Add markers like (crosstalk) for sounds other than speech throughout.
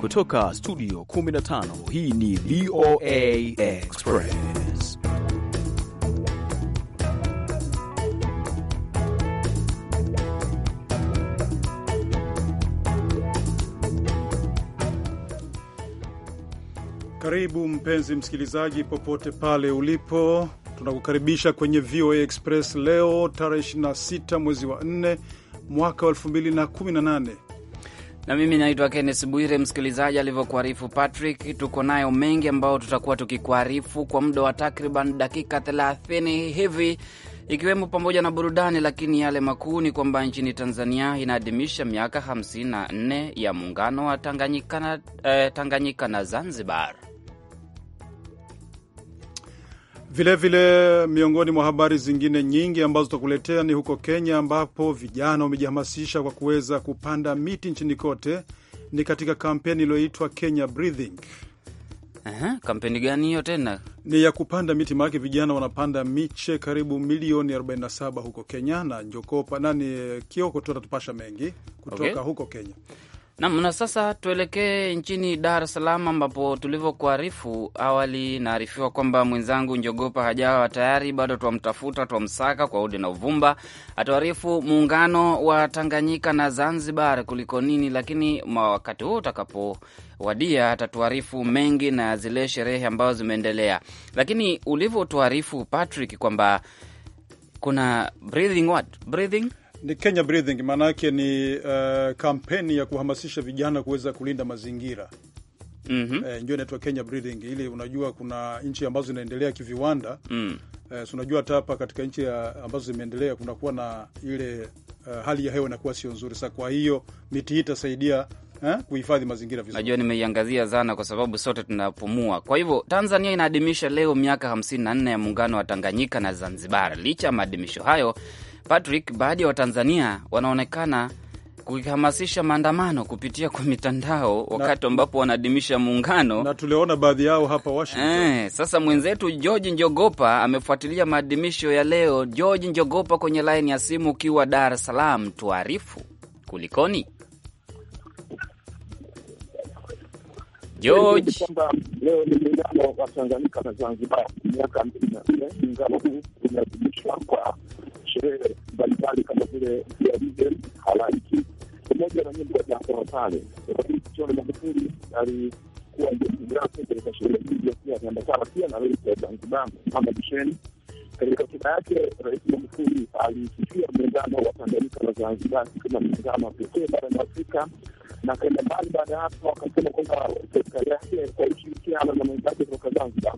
Kutoka studio 15 hii ni VOA Express. Karibu mpenzi msikilizaji, popote pale ulipo, tunakukaribisha kwenye VOA Express leo tarehe 26 mwezi wa 4 mwaka wa 2018 na mimi naitwa kennes Bwire. Msikilizaji alivyokuarifu Patrick, tuko nayo mengi ambayo tutakuwa tukikuarifu kwa muda wa takriban dakika 30 hivi, ikiwemo pamoja na burudani, lakini yale makuu ni kwamba nchini Tanzania inaadhimisha miaka 54 ya muungano wa Tanganyika na, eh, Tanganyika na Zanzibar. Vilevile, miongoni mwa habari zingine nyingi ambazo tutakuletea ni huko Kenya, ambapo vijana wamejihamasisha kwa kuweza kupanda miti nchini kote. Ni katika kampeni iliyoitwa Kenya Breathing. Aha, kampeni gani hiyo tena? Ni ya kupanda miti, maanake vijana wanapanda miche karibu milioni 47 huko Kenya, na Njokopa nani eh, Kioko tu atatupasha mengi kutoka okay, huko Kenya. Nam na sasa tuelekee nchini Dar es Salaam ambapo tulivyokuarifu awali, naarifiwa kwamba mwenzangu Njogopa hajawa tayari, bado twamtafuta, twamsaka kwa udi na uvumba. Atuarifu muungano wa Tanganyika na Zanzibar kuliko nini, lakini wakati huo utakapowadia atatuarifu mengi na zile sherehe ambazo zimeendelea, lakini ulivyotuarifu Patrick kwamba kuna breathing what? breathing ni Kenya Breathing, maana yake ni uh, kampeni ya kuhamasisha vijana kuweza kulinda mazingira mm -hmm. E, ndio inaitwa Kenya Breathing. Ili unajua kuna nchi ambazo zinaendelea kiviwanda mm. E, unajua hata hapa katika nchi ambazo zimeendelea kunakuwa na ile uh, hali ya hewa inakuwa sio nzuri. Sasa kwa hiyo miti hii itasaidia kuhifadhi mazingira vizuri. Najua nimeiangazia sana kwa sababu sote tunapumua. Kwa hivyo Tanzania inaadhimisha leo miaka 54 ya muungano wa Tanganyika na Zanzibar. Licha ya maadhimisho hayo Patrick, baadhi ya Watanzania wanaonekana kuhamasisha maandamano kupitia kwa mitandao wakati ambapo wanaadhimisha muungano, na tuliona baadhi yao hapa Washington. Eh, sasa mwenzetu George Njogopa amefuatilia maadhimisho ya leo. George Njogopa kwenye laini ya simu ukiwa Dar es Salaam, tuarifu kulikoni George? Leo ni muungano wa Tanganyika na Zanzibar, miaka na nne. Muungano huu umeadhimishwa kwa sherehe mbalimbali kama vile halaiki pamoja na nyimbo za hapa na pale. Lakini John Magufuli alikuwa ndio mgeni katika sherehe hizi, akiwa ameambatana pia na rais wa Zanzibar Mohamed Shein. Katika hotuba yake, Rais Magufuli alisifia muungano wa Tanganyika na Zanzibar kama muungano pekee barani Afrika na kaenda mbali. Baada ya hapo, akasema kwamba serikali yake kwa ushirikiano na mwenzake kutoka Zanzibar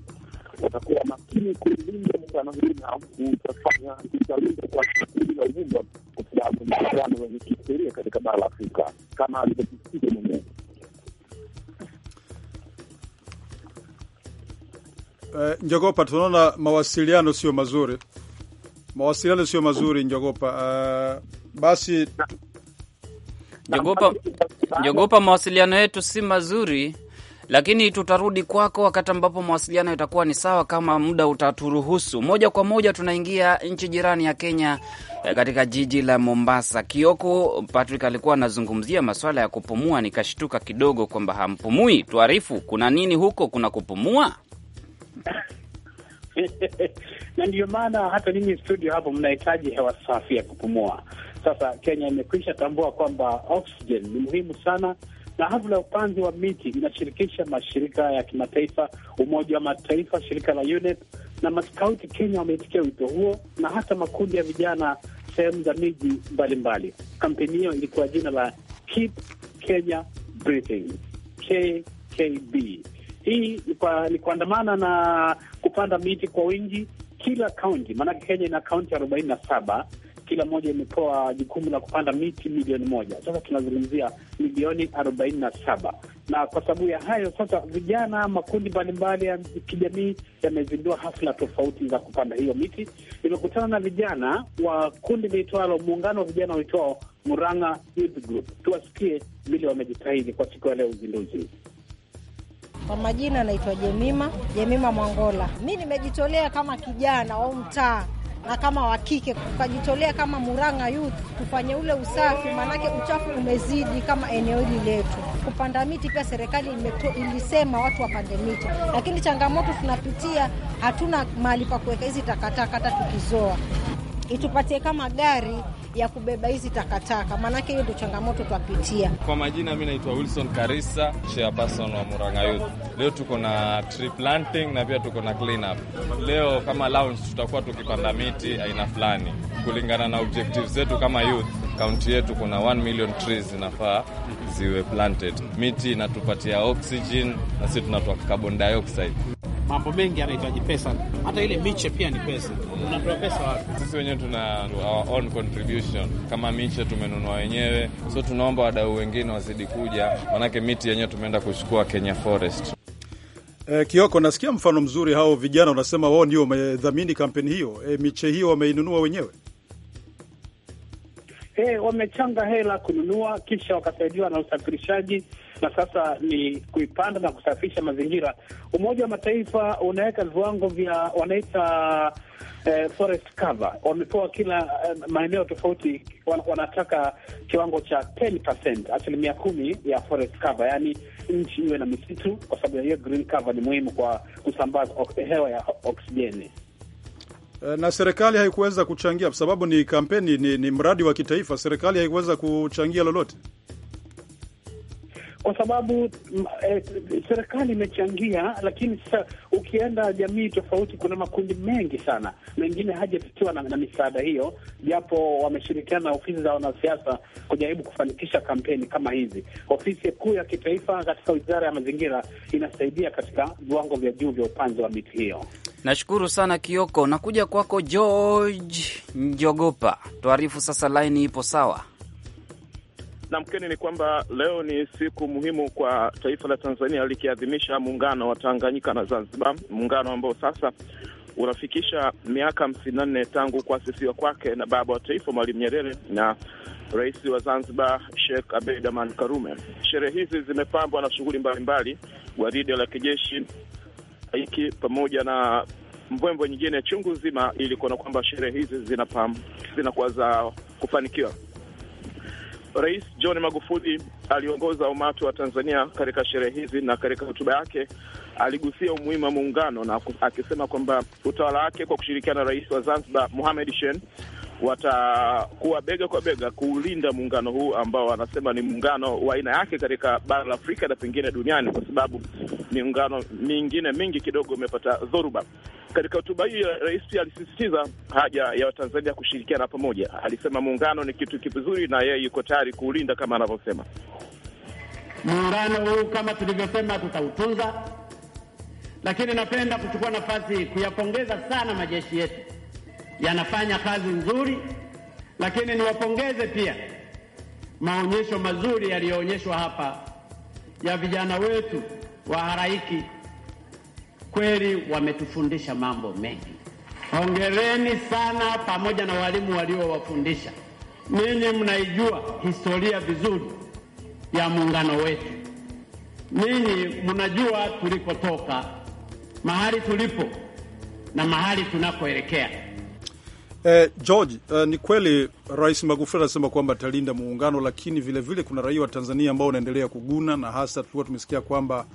watakuwa makini kulinda mkutano na kutafanya kutalinda kwa kwa sababu ni mkutano wenye kihistoria katika bara la Afrika kama alivyosisitiza mwenyewe. Eh, Njogopa, tunaona mawasiliano sio mazuri, mawasiliano sio mazuri Njogopa. Uh, basi Njogopa, Njogopa, mawasiliano yetu si mazuri lakini tutarudi kwako wakati ambapo mawasiliano yatakuwa ni sawa, kama muda utaturuhusu. Moja kwa moja tunaingia nchi jirani ya Kenya, eh, katika jiji la Mombasa. Kioko Patrick alikuwa anazungumzia maswala ya kupumua, nikashtuka kidogo kwamba hampumui. Tuarifu, kuna nini huko? Kuna kupumua? (laughs) na ndiyo maana hata nini studio hapo mnahitaji hewa safi ya kupumua. Sasa Kenya imekwisha tambua kwamba oxygen ni muhimu sana na hafla ya upanzi wa miti inashirikisha mashirika ya kimataifa, Umoja wa Mataifa, shirika la UNEP na maskauti Kenya wameitikia wito huo na hata makundi ya vijana sehemu za miji mbalimbali. Kampeni hiyo ilikuwa jina la Keep Kenya Breathing, KKB. Hii ni kuandamana na kupanda miti kwa wingi kila kaunti, maanake Kenya ina kaunti arobaini na saba kila moja imepewa jukumu la kupanda miti milioni moja. Sasa tunazungumzia milioni arobaini na saba na kwa sababu ya hayo sasa, vijana makundi mbalimbali ya kijamii yamezindua hafla tofauti za kupanda hiyo miti. Nimekutana na vijana wa kundi liitwalo muungano wa vijana waitwao Muranga Youth Group, tuwasikie vile wamejitahidi kwa siku ya leo uzinduzi. Kwa majina anaitwa Jemima Jemima Mwangola. Mi nimejitolea kama kijana wa mtaa na kama wakike tukajitolea kama Murang'a Youth tufanye ule usafi, maanake uchafu umezidi kama eneo hili letu. Kupanda miti pia serikali ilisema watu wapande miti, lakini changamoto tunapitia hatuna mahali pa kuweka hizi takataka hata tukizoa. Itupatie kama gari ya kubeba hizi takataka, maanake hiyo ndio changamoto twapitia. Kwa majina, mi naitwa Wilson Karisa, chairperson wa Murang'a Youth. Leo tuko na tree planting na pia tuko na clean up. Leo kama lounge tutakuwa tukipanda miti aina fulani kulingana na objective zetu kama youth. Kaunti yetu kuna 1 million trees zinafaa ziwe planted. Miti inatupatia oxygen na sisi tunatoa carbon dioxide mambo mengi yanahitaji pesa, hata ile miche pia ni pesa. Unatoa pesa wapi? Sisi wenyewe tuna our own contribution, kama miche tumenunua wenyewe, so tunaomba wadau wengine wazidi kuja, manake miti yenyewe tumeenda kuchukua Kenya Forest. E, Kioko, nasikia mfano mzuri hao vijana, unasema wao ndio wamedhamini kampeni hiyo. E, miche hiyo wameinunua wenyewe? Hey, eh, wamechanga hela kununua, kisha wakasaidiwa na usafirishaji na sasa ni kuipanda na kusafisha mazingira. Umoja wa Mataifa unaweka viwango vya wanaita eh, forest cover. Wamepewa kila eh, maeneo tofauti, wan, wanataka kiwango cha 10%, asilimia kumi ya forest cover, yaani nchi iwe na misitu, kwa sababu ya hiyo green cover ni muhimu kwa kusambaza hewa ya oksijeni eh, na serikali haikuweza kuchangia, kwa sababu ni kampeni, ni, ni mradi wa kitaifa. Serikali haikuweza kuchangia lolote kwa sababu mm, eh, serikali imechangia, lakini sasa ukienda jamii tofauti, kuna makundi mengi sana, mengine hajapitiwa na, na misaada hiyo, japo wameshirikiana na ofisi za wanasiasa kujaribu kufanikisha kampeni kama hizi. Ofisi kuu ya kitaifa katika wizara ya mazingira inasaidia katika viwango vya juu vya upanzi wa miti hiyo. Nashukuru sana Kioko, nakuja kwako George Njogopa, tuarifu sasa laini ipo sawa na mkeni ni kwamba leo ni siku muhimu kwa taifa la Tanzania likiadhimisha muungano wa Tanganyika na Zanzibar, muungano ambao sasa unafikisha miaka hamsini na nne tangu kuasisiwa kwake na baba wa taifa Mwalimu Nyerere na rais wa Zanzibar Sheikh Abeid Aman Karume. Sherehe hizi zimepambwa na shughuli mbalimbali, gwaride la kijeshi aiki pamoja na mbwembwe nyingine chungu zima, ili kuona kwamba sherehe hizi zinakuwa za kufanikiwa. Rais John Magufuli aliongoza umati wa Tanzania katika sherehe hizi, na katika hotuba yake aligusia umuhimu wa muungano na akisema kwamba utawala wake kwa kushirikiana na rais wa Zanzibar Mohamed Shein watakuwa bega kwa bega kuulinda muungano huu ambao wanasema ni muungano wa aina yake katika bara la Afrika na pengine duniani, kwa sababu miungano mingine mingi kidogo imepata dhoruba. Katika hotuba hii rais alisisitiza haja ya Watanzania kushirikiana pamoja. Alisema muungano ni kitu kizuri na yeye yuko tayari kuulinda kama anavyosema. Muungano huu kama tulivyosema, tutautunza, lakini napenda kuchukua nafasi kuyapongeza sana majeshi yetu, yanafanya kazi nzuri, lakini niwapongeze pia maonyesho mazuri yaliyoonyeshwa hapa ya vijana wetu waharaiki Kweli wametufundisha mambo mengi. Hongereni sana pamoja na walimu waliowafundisha. Ninyi mnaijua historia vizuri ya muungano wetu. Ninyi mnajua tulikotoka, mahali tulipo na mahali tunakoelekea. Eh, George, eh, ni kweli Rais Magufuli anasema kwamba atalinda muungano, lakini vilevile vile kuna raia wa Tanzania ambao wanaendelea kuguna na hasa tulikuwa tumesikia kwamba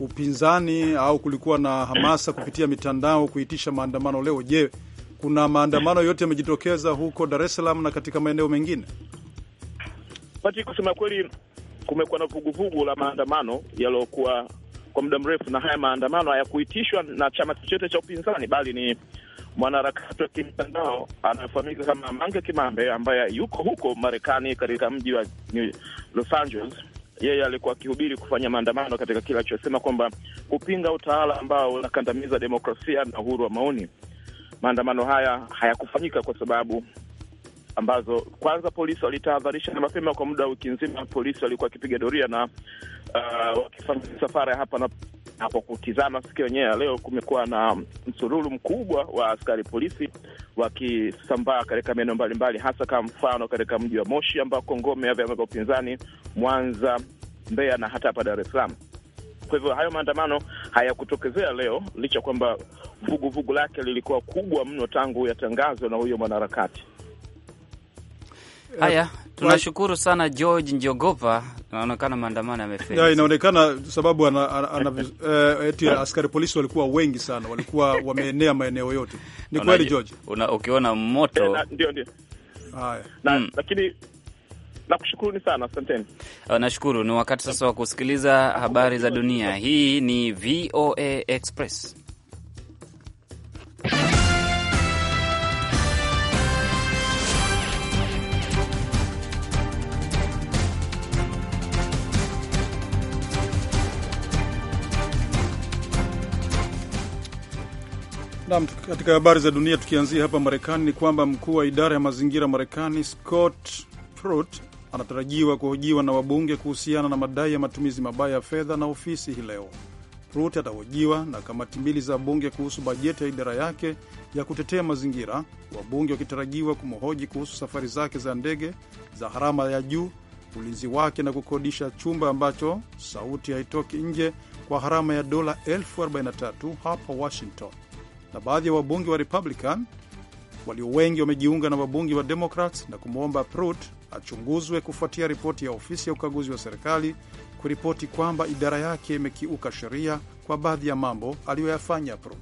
upinzani au kulikuwa na hamasa kupitia mitandao kuitisha maandamano leo. Je, kuna maandamano yote yamejitokeza huko Dar es Salaam na katika maeneo mengine? Pati, kusema kweli, kumekuwa na vuguvugu la maandamano yaliyokuwa kwa muda mrefu, na haya maandamano hayakuitishwa na chama chochote cha upinzani, bali ni mwanaharakati wa kimtandao anayefahamika kama Mange Kimambe ambaye yuko huko Marekani katika mji wa Los Angeles yeye alikuwa akihubiri kufanya maandamano katika kile alichosema kwamba kupinga utawala ambao unakandamiza demokrasia na uhuru wa maoni. Maandamano haya hayakufanyika kwa sababu ambazo kwanza polisi walitahadharisha na mapema. Kwa muda wa wiki nzima polisi walikuwa wakipiga doria na uh, wakifanya misafara ya hapa na na kwa kutizama siku yenyewe ya leo, kumekuwa na msururu mkubwa wa askari polisi wakisambaa katika maeneo mbalimbali, hasa kama mfano katika mji wa Moshi ambako ngome ya vyama vya upinzani Mwanza, Mbeya na hata hapa Dar es Salaam. Kwa hivyo hayo maandamano hayakutokezea leo, licha kwamba vuguvugu lake lilikuwa kubwa mno tangu yatangazwe na huyo mwanaharakati. Eh, Haya, tunashukuru sana George Njogopa. naonekana maandamano yamefeli, inaonekana sababu ana, ana, ana, uh, eti askari polisi walikuwa wengi sana, walikuwa (laughs) wameenea maeneo yote. Ni kweli George, ukiona moto eh, ndio ndio. Haya, hmm. lakini nakushukuruni sana, asanteni. Nashukuru. Ni wakati sasa wa kusikiliza habari za dunia. Hii ni VOA Express. Naam, katika habari za dunia tukianzia hapa Marekani ni kwamba mkuu wa idara ya mazingira Marekani Scott Pruitt anatarajiwa kuhojiwa na wabunge kuhusiana na madai ya matumizi mabaya ya fedha na ofisi hii leo. Pruitt atahojiwa na kamati mbili za bunge kuhusu bajeti ya idara yake ya kutetea mazingira, wabunge wakitarajiwa kumhoji kuhusu safari zake za ndege za gharama ya juu, ulinzi wake na kukodisha chumba ambacho sauti haitoki nje kwa gharama ya dola elfu 43 hapa Washington na baadhi ya wabunge wa Republican walio wengi wamejiunga na wabunge wa demokrat na kumwomba prut achunguzwe kufuatia ripoti ya ofisi ya ukaguzi wa serikali kuripoti kwamba idara yake imekiuka sheria kwa baadhi ya mambo aliyoyafanya Prut.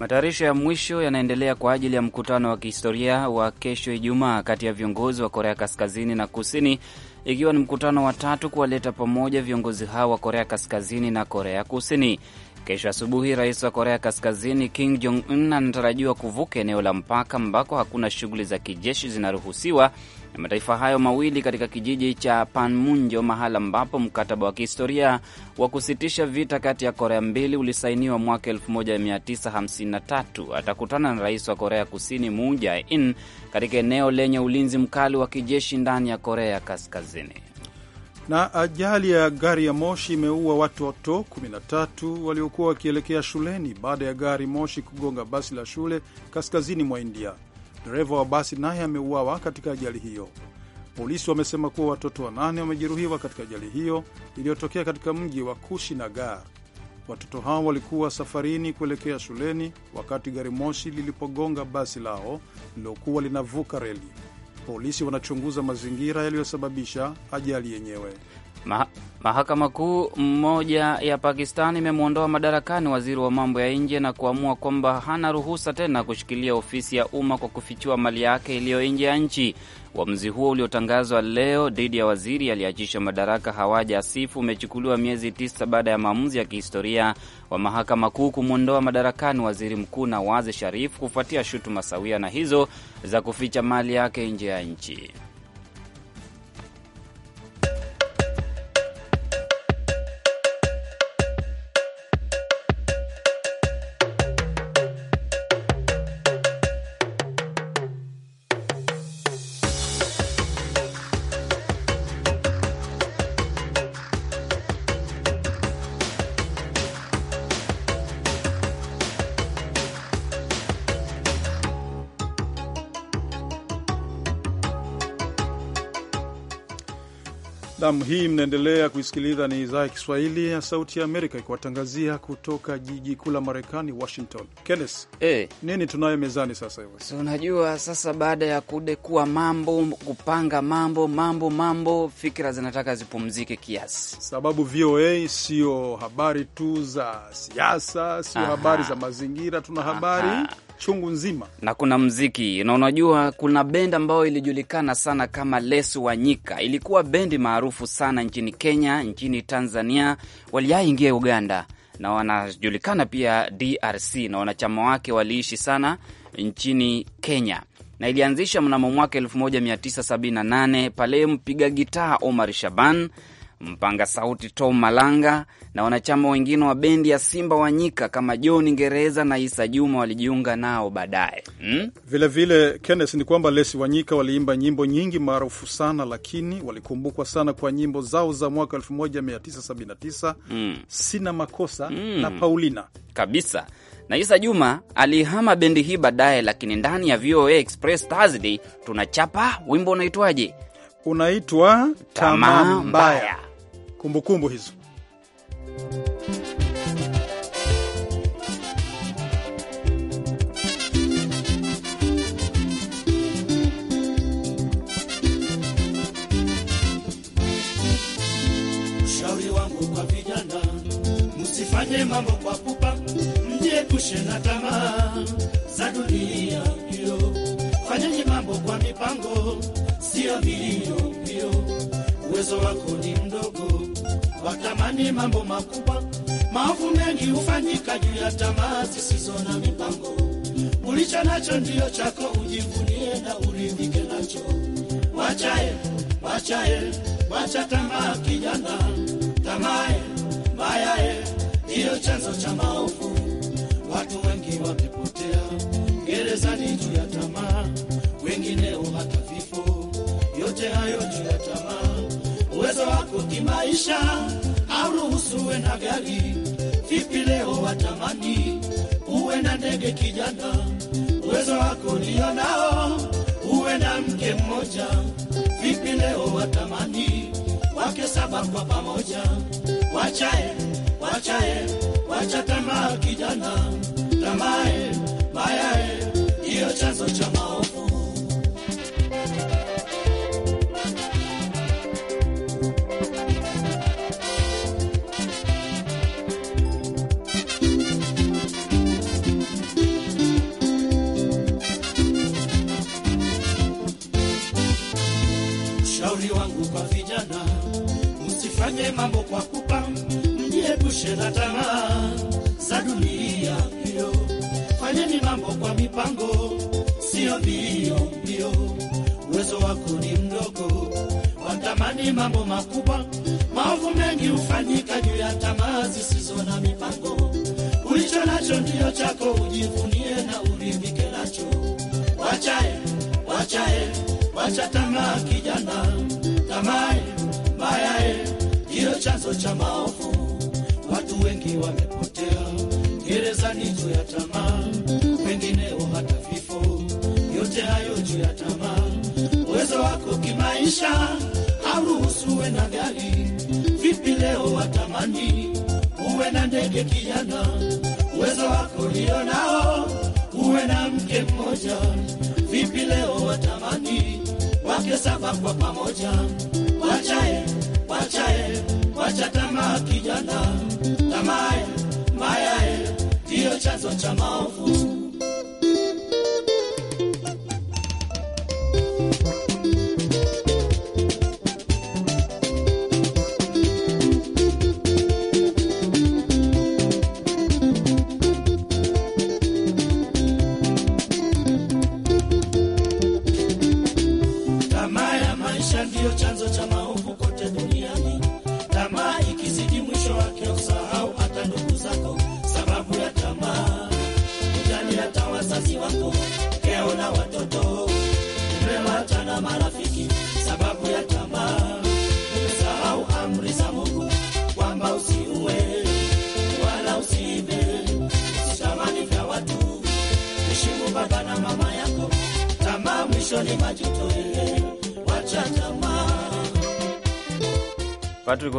Matayarisho ya mwisho yanaendelea kwa ajili ya mkutano wa kihistoria wa kesho Ijumaa kati ya viongozi wa Korea Kaskazini na Kusini, ikiwa ni mkutano wa tatu kuwaleta pamoja viongozi hao wa Korea Kaskazini na Korea Kusini. Kesho asubuhi rais wa Korea Kaskazini Kim Jong Un anatarajiwa kuvuka eneo la mpaka ambako hakuna shughuli za kijeshi zinaruhusiwa na mataifa hayo mawili katika kijiji cha Panmunjo, mahala ambapo mkataba wa kihistoria wa kusitisha vita kati ya Korea mbili ulisainiwa mwaka 1953. Atakutana na rais wa Korea Kusini Moon Jae-in katika eneo lenye ulinzi mkali wa kijeshi ndani ya Korea Kaskazini. Na ajali ya gari ya moshi imeua watoto 13 waliokuwa wakielekea shuleni baada ya gari moshi kugonga basi la shule kaskazini mwa India. Dereva wa basi naye ameuawa katika ajali hiyo. Polisi wamesema kuwa watoto wanane wamejeruhiwa katika ajali hiyo iliyotokea katika mji wa Kushinagar. Watoto hao walikuwa safarini kuelekea shuleni wakati gari moshi lilipogonga basi lao lililokuwa linavuka reli. Polisi wanachunguza mazingira yaliyosababisha ajali yenyewe mahakama kuu mmoja ya Pakistan imemwondoa madarakani waziri wa mambo ya nje na kuamua kwamba hana ruhusa tena kushikilia ofisi ya umma kwa kufichua mali yake iliyo nje ya nchi. Uamuzi huo uliotangazwa leo dhidi ya waziri aliyeachisha madaraka Hawaja Asifu umechukuliwa miezi tisa baada ya maamuzi ya kihistoria wa mahakama kuu kumwondoa madarakani waziri mkuu Nawaz Sharif kufuatia shutuma sawia na hizo za kuficha mali yake nje ya nchi. Naam, hii mnaendelea kuisikiliza, ni idhaa ya Kiswahili ya Sauti ya Amerika ikiwatangazia kutoka jiji kuu la Marekani, Washington. Kennes, hey, eh. nini tunayo mezani sasa hivi? So, unajua sasa, baada ya kudekua mambo, kupanga mambo mambo mambo, fikira zinataka zipumzike kiasi, sababu VOA sio habari tu za siasa, sio habari za mazingira, tuna habari Aha chungu nzima, na kuna mziki na unajua, kuna bendi ambayo ilijulikana sana kama Lesu Wanyika. Ilikuwa bendi maarufu sana nchini Kenya, nchini Tanzania, waliaingia Uganda na wanajulikana pia DRC, na wanachama wake waliishi sana nchini Kenya na ilianzisha mnamo mwaka 1978 pale mpiga gitaa Omar Shaban mpanga sauti Tom Malanga na wanachama wengine wa bendi ya Simba Wanyika kama John Ngereza na Isa Juma walijiunga nao baadaye hmm? Vilevile Kenneth, ni kwamba Lesi Wanyika waliimba nyimbo nyingi maarufu sana, lakini walikumbukwa sana kwa nyimbo zao za mwaka 1979 hmm. Sina Makosa hmm. na Paulina kabisa na Isa Juma alihama bendi hii baadaye, lakini ndani ya VOA Express Thursday tunachapa wimbo unaitwaje? Unaitwa Tamaa Mbaya kumbukumbu hizo. Ushauri wangu kwa vijana, msifanye mambo kwa pupa, mjiepushe na tamaa za dunia hiyo. Fanyeni mambo kwa mipango, sio mbio mbio. Uwezo wako ni mdogo watamani mambo makubwa. Maovu mengi hufanyika juu ya tamaa zisizo na mipango. Ulicho nacho ndiyo chako, ujivunie na uridhike nacho. Wachae, wachae, wacha tamaa kijana, tamae mayae ndiyo chanzo cha maovu. Watu wengi wamepotea gerezani juu ya tamaa, wengine hata vifo. Yote hayo juu ya tamaa uwezo wako kimaisha, uwe na gari. Vipi leo watamani uwe na ndege, kijana? Uwezo wako ulio nao uwe na mke mmoja. Vipi leo watamani wake saba kwa pamoja? Wachae, wachae, wacha tamaa kijana, tamae mayae, hiyo chanzo cha maovu. nifanye mambo kwa kupa, kushe na tamaa za dunia hiyo. Fanyeni mambo kwa mipango, sio mbio mbio. Uwezo wako ni mdogo, watamani mambo makubwa. Maovu mengi hufanyika juu ya tamaa zisizo na mipango. Ulicho nacho ndio chako, ujivunie na uridhike nacho. Wachae, wachae, wacha tamaa kijana, tamaa mbaya chanzo cha maovu, watu wengi wamepotea gerezani juu ya tamaa, wengineo hata vifo. Yote hayo juu ya tamaa. Uwezo wako kimaisha hauruhusu uwe na gari, vipi leo watamani uwe na ndege kijana? Uwezo wako lio nao uwe na mke mmoja, vipi leo watamani wake saba kwa pamoja? Wachae, wachae Wacha tamaa kijana, tamaa mbaya ndiyo chanzo cha maovu.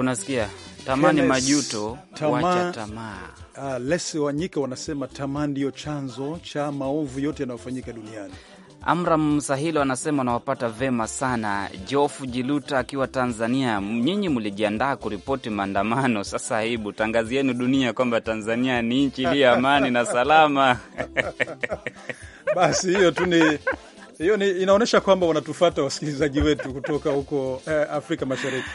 unasikia tamani Kenes, majuto tama, wacha tamaa. Uh, Lesi Wanyika wanasema tamaa ndiyo chanzo cha maovu yote yanayofanyika duniani. Amram Msahilo anasema anawapata vema sana. Jofu Jiluta akiwa Tanzania, nyinyi mlijiandaa kuripoti maandamano, sasa hebu tangazieni dunia kwamba Tanzania ni nchi iliyo amani na salama. (laughs) Basi hiyo tu ni hiyo, ni inaonyesha kwamba wanatufata wasikilizaji wetu kutoka huko eh, Afrika Mashariki.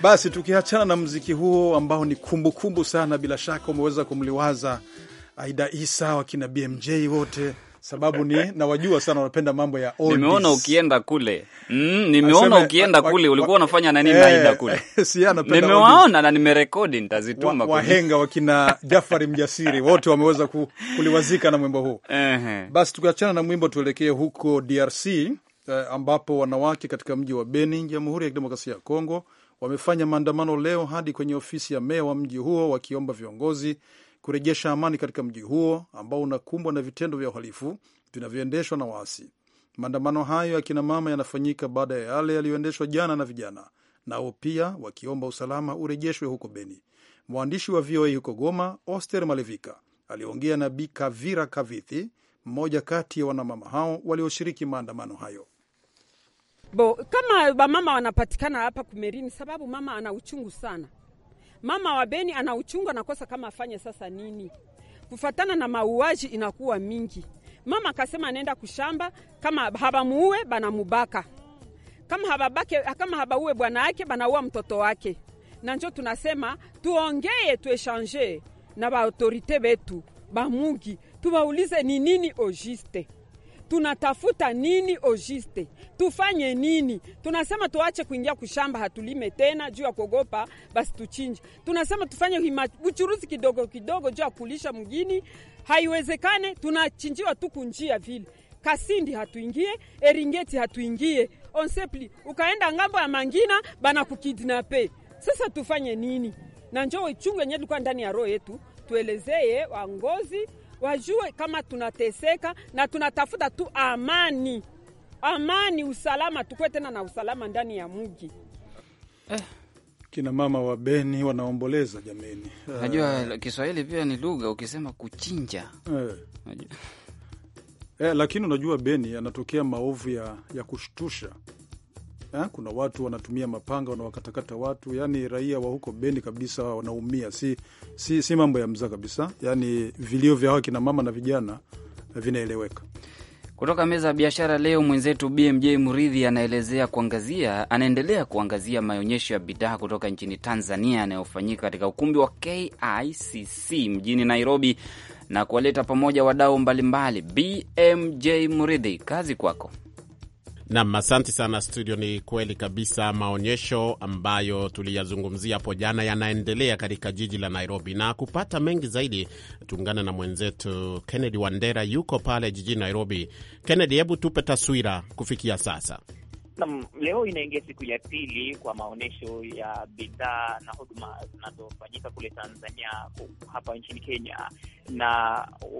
Basi tukiachana na mziki huo ambao ni kumbukumbu kumbu sana, bila shaka umeweza kumliwaza Aida Isa wakina BMJ wote sababu ni (laughs) nawajua sana wanapenda mambo ya oldies. Nimeona ukienda kule mm, nimeona ukienda kule ulikuwa unafanya nani na Aida eh, kule (laughs) si anapenda, nimewaona na nimerekodi, nitazituma wa, wahenga wakina Jafari Mjasiri (laughs) wote wameweza kuliwazika na mwimbo huu. Basi tukiachana na mwimbo tuelekee huko DRC eh, ambapo wanawake katika mji wa Beni, Jamhuri ya Kidemokrasia ya Kongo wamefanya maandamano leo hadi kwenye ofisi ya meya wa mji huo wakiomba viongozi kurejesha amani katika mji huo ambao unakumbwa na vitendo vya uhalifu vinavyoendeshwa na waasi. Maandamano hayo ya kina mama yanafanyika baada ya yale yaliyoendeshwa jana na vijana, nao pia wakiomba usalama urejeshwe huko Beni. Mwandishi wa VOA huko Goma, Oster Malevika, aliongea na Bi Kavira Kavithi, mmoja kati ya wanamama hao walioshiriki maandamano hayo. Bo, kama bamama wanapatikana hapa kumerini, sababu mama ana uchungu sana. Mama wa Beni ana uchungu, anakosa kama afanye sasa nini, kufatana na mauaji inakuwa mingi. Mama akasema anaenda kushamba, kama habamuue banamubaka, kama hababake, kama habauwe bwana yake banaua mtoto wake. Na njo tunasema tuongee, tueshange na baautorite betu bamugi, tubaulize ni nini ojiste tunatafuta nini ojiste, tufanye nini? Tunasema tuache kuingia kushamba, hatulime tena juu ya kuogopa, basi tuchinje. Tunasema tufanye hima, uchuruzi kidogo kidogo juu ya kulisha mgini, haiwezekane. Tunachinjiwa tu kunjia vile Kasindi hatuingie, Eringeti hatuingie, onsepli ukaenda ngambo ya Mangina bana kukidnape. Sasa tufanye nini? Na njoo ichungu yenye likuwa ndani ya roho yetu, tuelezeye eh, wangozi wajue kama tunateseka na tunatafuta tu amani, amani, usalama, tukuwe tena na usalama ndani ya mji eh. Kina mama wa Beni wanaomboleza jameni. Najua uh, Kiswahili pia ni lugha, ukisema kuchinja eh. Eh, lakini unajua Beni anatokea maovu ya, ya kushtusha Ha, eh, kuna watu wanatumia mapanga wanawakatakata watu, yani raia wa huko Beni kabisa wanaumia, si, si, si mambo ya mzaa kabisa, yani vilio vya hawa kina mama na vijana vinaeleweka. Kutoka meza ya biashara leo, mwenzetu BMJ Muridhi anaelezea kuangazia, anaendelea kuangazia maonyesho ya bidhaa kutoka nchini Tanzania yanayofanyika katika ukumbi wa KICC mjini Nairobi na kuwaleta pamoja wadau mbalimbali. BMJ Muridhi, kazi kwako. Nam, asante sana studio. Ni kweli kabisa, maonyesho ambayo tuliyazungumzia hapo jana yanaendelea katika jiji la Nairobi, na kupata mengi zaidi tuungane na mwenzetu Kennedy Wandera, yuko pale jijini Nairobi. Kennedy, hebu tupe taswira kufikia sasa. Nam, leo inaingia siku ya pili kwa maonyesho ya bidhaa na huduma zinazofanyika kule Tanzania, hapa nchini Kenya na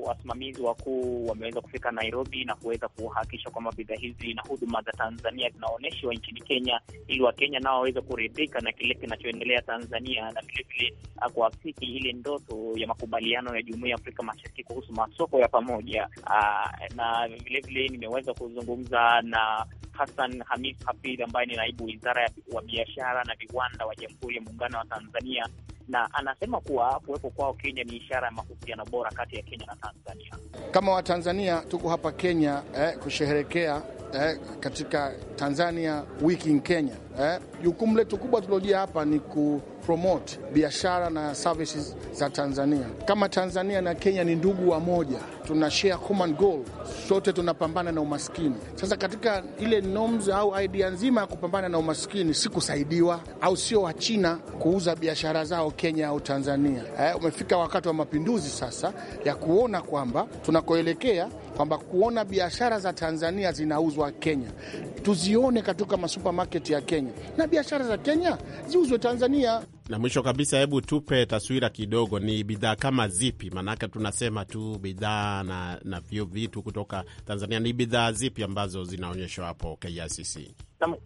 wasimamizi wakuu wameweza kufika Nairobi na kuweza kuhakikisha kwamba bidhaa hizi na huduma za Tanzania zinaonyeshwa nchini Kenya ili Wakenya nao waweze kuridhika na kile kinachoendelea Tanzania na vilevile ah, kuafiki ile ndoto ya makubaliano ya Jumuiya ya Afrika Mashariki kuhusu masoko ya pamoja. Ah, na vilevile nimeweza kuzungumza na Hassan Hamis Hafidh ambaye ni naibu wizara wa biashara na viwanda wa Jamhuri ya Muungano wa Tanzania na anasema kuwa kuwepo kwao Kenya ni ishara ya mahusiano bora kati ya Kenya na Tanzania. Kama Watanzania tuko hapa Kenya eh, kusherehekea eh, katika Tanzania Wiki in Kenya. Eh, jukumu eh, letu kubwa tulojia hapa ni ku kupromote biashara na services za Tanzania. Kama Tanzania na Kenya ni ndugu wa moja, tuna share common goal, sote tunapambana na umaskini. Sasa katika ile norms au idea nzima ya kupambana na umaskini si kusaidiwa, au sio Wachina kuuza biashara zao Kenya au Tanzania. Eh, umefika wakati wa mapinduzi sasa ya kuona kwamba tunakoelekea kwamba kuona biashara za Tanzania zinauzwa Kenya, tuzione katika masupermarket ya Kenya na biashara za Kenya ziuzwe Tanzania. Na mwisho kabisa, hebu tupe taswira kidogo, ni bidhaa kama zipi? Maanake tunasema tu bidhaa na na vyo vitu kutoka Tanzania, ni bidhaa zipi ambazo zinaonyeshwa hapo KICC?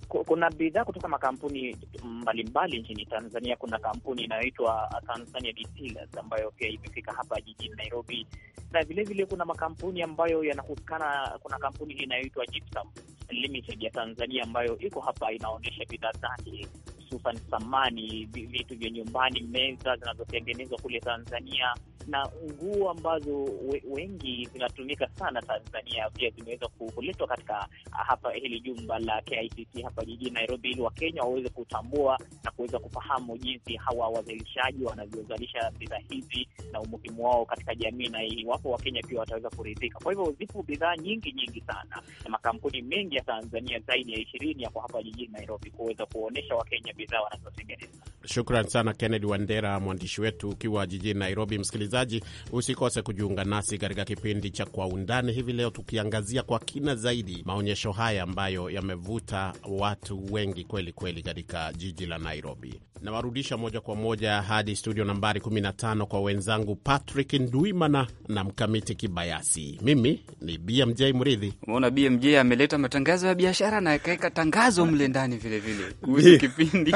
Kuna bidhaa kutoka makampuni mbalimbali nchini Tanzania. Kuna kampuni inayoitwa Tanzania Distillers ambayo pia imefika hapa jijini Nairobi, na vilevile vile kuna makampuni ambayo yanahusikana. Kuna kampuni inayoitwa Gypsum Limited ya Tanzania ambayo iko hapa inaonyesha bidhaa zake hususan samani, vitu vya nyumbani, meza zinazotengenezwa kule Tanzania na nguo ambazo we, wengi zinatumika sana Tanzania pia zimeweza kuletwa katika ah, hapa hili jumba la KICC hapa jijini Nairobi, ili Wakenya waweze kutambua na kuweza kufahamu jinsi hawa wazalishaji wanavyozalisha bidhaa hizi na umuhimu wao katika jamii, na iwapo Wakenya pia wataweza kuridhika. Kwa hivyo zipo bidhaa nyingi nyingi sana na makampuni mengi ya Tanzania zaidi ya ishirini yako hapa jijini Nairobi kuweza kuonyesha Wakenya bidhaa wanazotengeneza. Shukran sana Kennedy Wandera, mwandishi wetu ukiwa jijini Nairobi. Msikilizaji msikilizaji, usikose kujiunga nasi katika kipindi cha Kwa Undani hivi leo, tukiangazia kwa kina zaidi maonyesho haya ambayo yamevuta watu wengi kweli kweli katika jiji la Nairobi. Nawarudisha moja kwa moja hadi studio nambari 15 kwa wenzangu Patrick Ndwimana na Mkamiti Kibayasi. Mimi ni BMJ Mridhi. Umeona BMJ ameleta matangazo ya biashara na akaweka tangazo mle ndani vilevile kuhusu kipindi.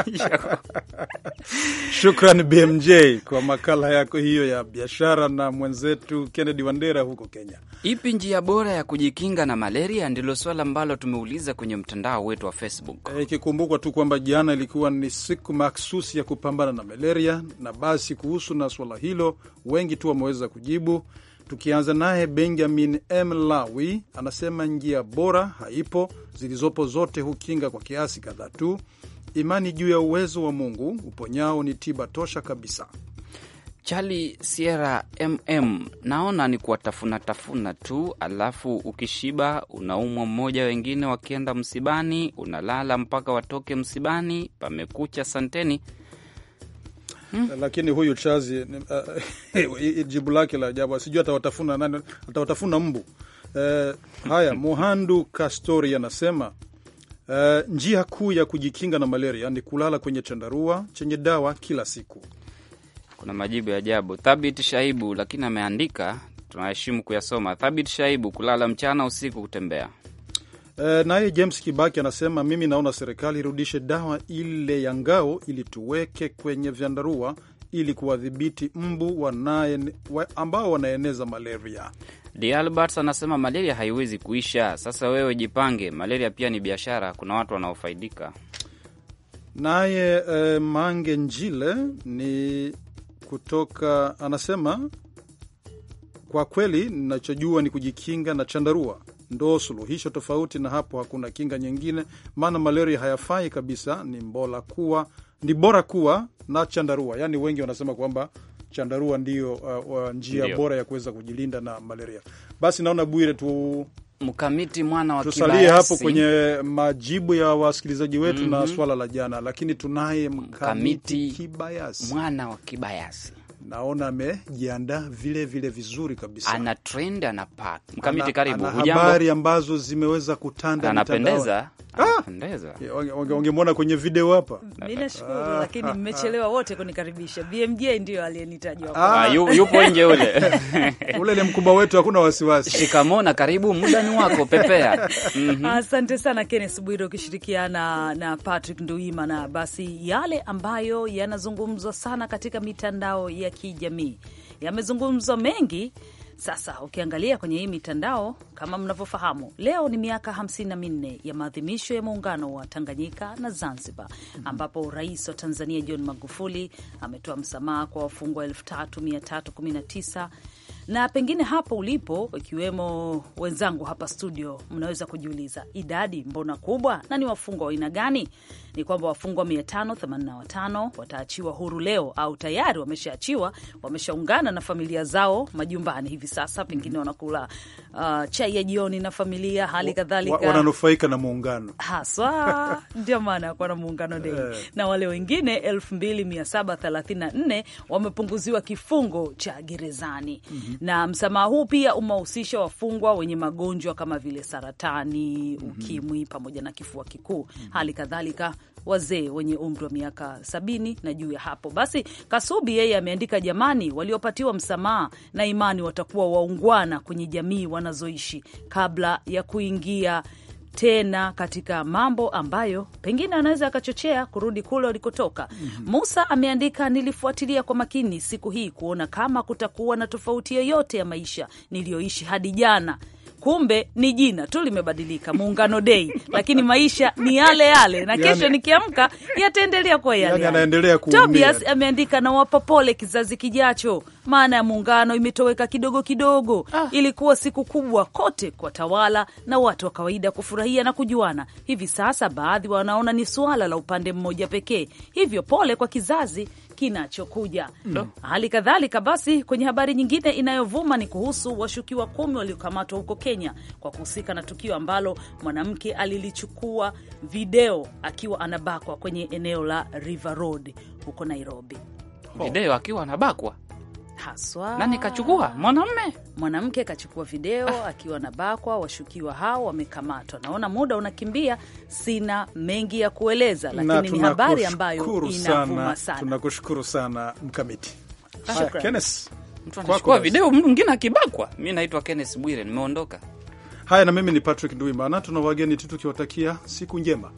(laughs) Shukran BMJ kwa makala yako hiyo ya biashara biashara na mwenzetu Kennedy Wandera huko Kenya. Ipi njia bora ya kujikinga na malaria? Ndilo swala ambalo tumeuliza kwenye mtandao wetu wa Facebook, e, ikikumbukwa e, tu kwamba jana ilikuwa ni siku maksusi ya kupambana na malaria, na basi kuhusu na swala hilo wengi tu wameweza kujibu. Tukianza naye Benjamin M Lawi anasema njia bora haipo, zilizopo zote hukinga kwa kiasi kadhaa tu. Imani juu ya uwezo wa Mungu uponyao ni tiba tosha kabisa chali Sierra mm, naona ni kuwatafuna tafuna tu, alafu ukishiba unaumwa mmoja, wengine wakienda msibani unalala mpaka watoke msibani, pamekucha, santeni. Hmm. Lakini huyu chazi uh, eh, eh, (laughs) jibu lake la ajabu, sijui atawatafuna nani, atawatafuna mbu. Uh, haya (laughs) Mohandu Kastori anasema uh, njia kuu ya kujikinga na malaria ni kulala kwenye chandarua chenye dawa kila siku kuna majibu ya ajabu. Thabit Shaibu lakini ameandika, tunaheshimu kuyasoma. Thabit Shaibu, kulala mchana usiku, kutembea E, naye James Kibaki anasema mimi naona serikali irudishe dawa ile ya ngao ilituweke kwenye vyandarua ili kuwadhibiti mbu wanae, wa, ambao wanaeneza malaria. Dalbert anasema malaria haiwezi kuisha, sasa wewe jipange, malaria pia ni biashara, kuna watu wanaofaidika naye. E, Mange Njile ni kutoka anasema, kwa kweli ninachojua ni kujikinga na chandarua ndo suluhisho, tofauti na hapo hakuna kinga nyingine, maana malaria hayafai kabisa. Ni bora kuwa, ni bora kuwa na chandarua. Yaani wengi wanasema kwamba chandarua ndiyo uh, uh, njia Ndiyo. bora ya kuweza kujilinda na malaria. Basi naona Bwire tu mkamiti mwana wa tusalie hapo kwenye majibu ya wasikilizaji wetu mm -hmm. na mhm. swala la jana, lakini tunaye mkamiti kibayasi, mwana wa kibayasi naona amejiandaa vile vile vizuri kabisa, ana trend, ana pack mkamiti, karibu Hujambo? habari ambazo zimeweza kutanda, anapendeza mitandao. Ah! wangemwona kwenye video hapa. nashukuru ah, lakini mmechelewa ah, wote kunikaribisha. BMJ ndio aliyenitaja ah! ah, yu, yupo nje ule (laughs) ule ni mkubwa wetu, hakuna wasiwasi. Shikamoo na karibu, muda ni wako, pepea. mm -hmm. Asante sana Kenneth Bwire ukishirikiana na Patrick Nduima, na basi yale ambayo yanazungumzwa sana katika mitandao ya kijamii yamezungumzwa mengi sasa ukiangalia kwenye hii mitandao kama mnavyofahamu, leo ni miaka hamsini na minne ya maadhimisho ya muungano wa Tanganyika na Zanzibar, mhm. ambapo rais wa Tanzania John Magufuli ametoa msamaha kwa wafungwa 3319 na pengine hapo ulipo, ikiwemo wenzangu hapa studio, mnaweza kujiuliza idadi mbona kubwa na ni wafungwa wa aina gani? Ni kwamba wafungwa 585 wataachiwa huru leo au tayari wameshaachiwa, wameshaungana na familia zao majumbani hivi sasa, pengine wanakula uh, chai ya jioni na familia, hali kadhalika wananufaika na muungano haswa. (laughs) Ndio maana yakuwa na muungano dei, eh. na wale wengine 2734 wamepunguziwa kifungo cha gerezani. mm -hmm na msamaha huu pia umehusisha wafungwa wenye magonjwa kama vile saratani, mhm. ukimwi, mm -hmm. pamoja na kifua kikuu, mm -hmm. hali kadhalika wazee wenye umri wa miaka sabini na juu ya hapo. Basi Kasubi yeye ameandika, jamani, waliopatiwa msamaha na imani watakuwa waungwana kwenye jamii wanazoishi kabla ya kuingia tena katika mambo ambayo pengine anaweza akachochea kurudi kule walikotoka. mm -hmm. Musa ameandika, nilifuatilia kwa makini siku hii kuona kama kutakuwa na tofauti yoyote ya maisha niliyoishi hadi jana kumbe ni jina tu limebadilika Muungano Dei, lakini maisha ni yale yale, na yaani- kesho nikiamka yataendelea kuwa yale yaani Tobias ameandika, nawapa pole kizazi kijacho, maana ya muungano imetoweka kidogo kidogo. Ah, ilikuwa siku kubwa kote kwa tawala na watu wa kawaida kufurahia na kujuana. Hivi sasa baadhi wanaona ni suala la upande mmoja pekee, hivyo pole kwa kizazi kinachokuja. Mm. Hali kadhalika basi, kwenye habari nyingine inayovuma ni kuhusu washukiwa kumi waliokamatwa huko Kenya kwa kuhusika na tukio ambalo mwanamke alilichukua video akiwa anabakwa kwenye eneo la River Road huko Nairobi. Video akiwa anabakwa haswa, na nikachukua mwanamme mwanamke kachukua video ah, akiwa na bakwa. Washukiwa hao wamekamatwa. Naona muda unakimbia, sina mengi ya kueleza, lakini ni habari ambayo inavuma sana. Tunakushukuru sana Mkamiti. Mtu anachukua video mwingine akibakwa. Mi naitwa Kenneth Bwire, nimeondoka. Haya, na mimi ni Patrick Nduimana. Tuna wageni tu tukiwatakia siku njema.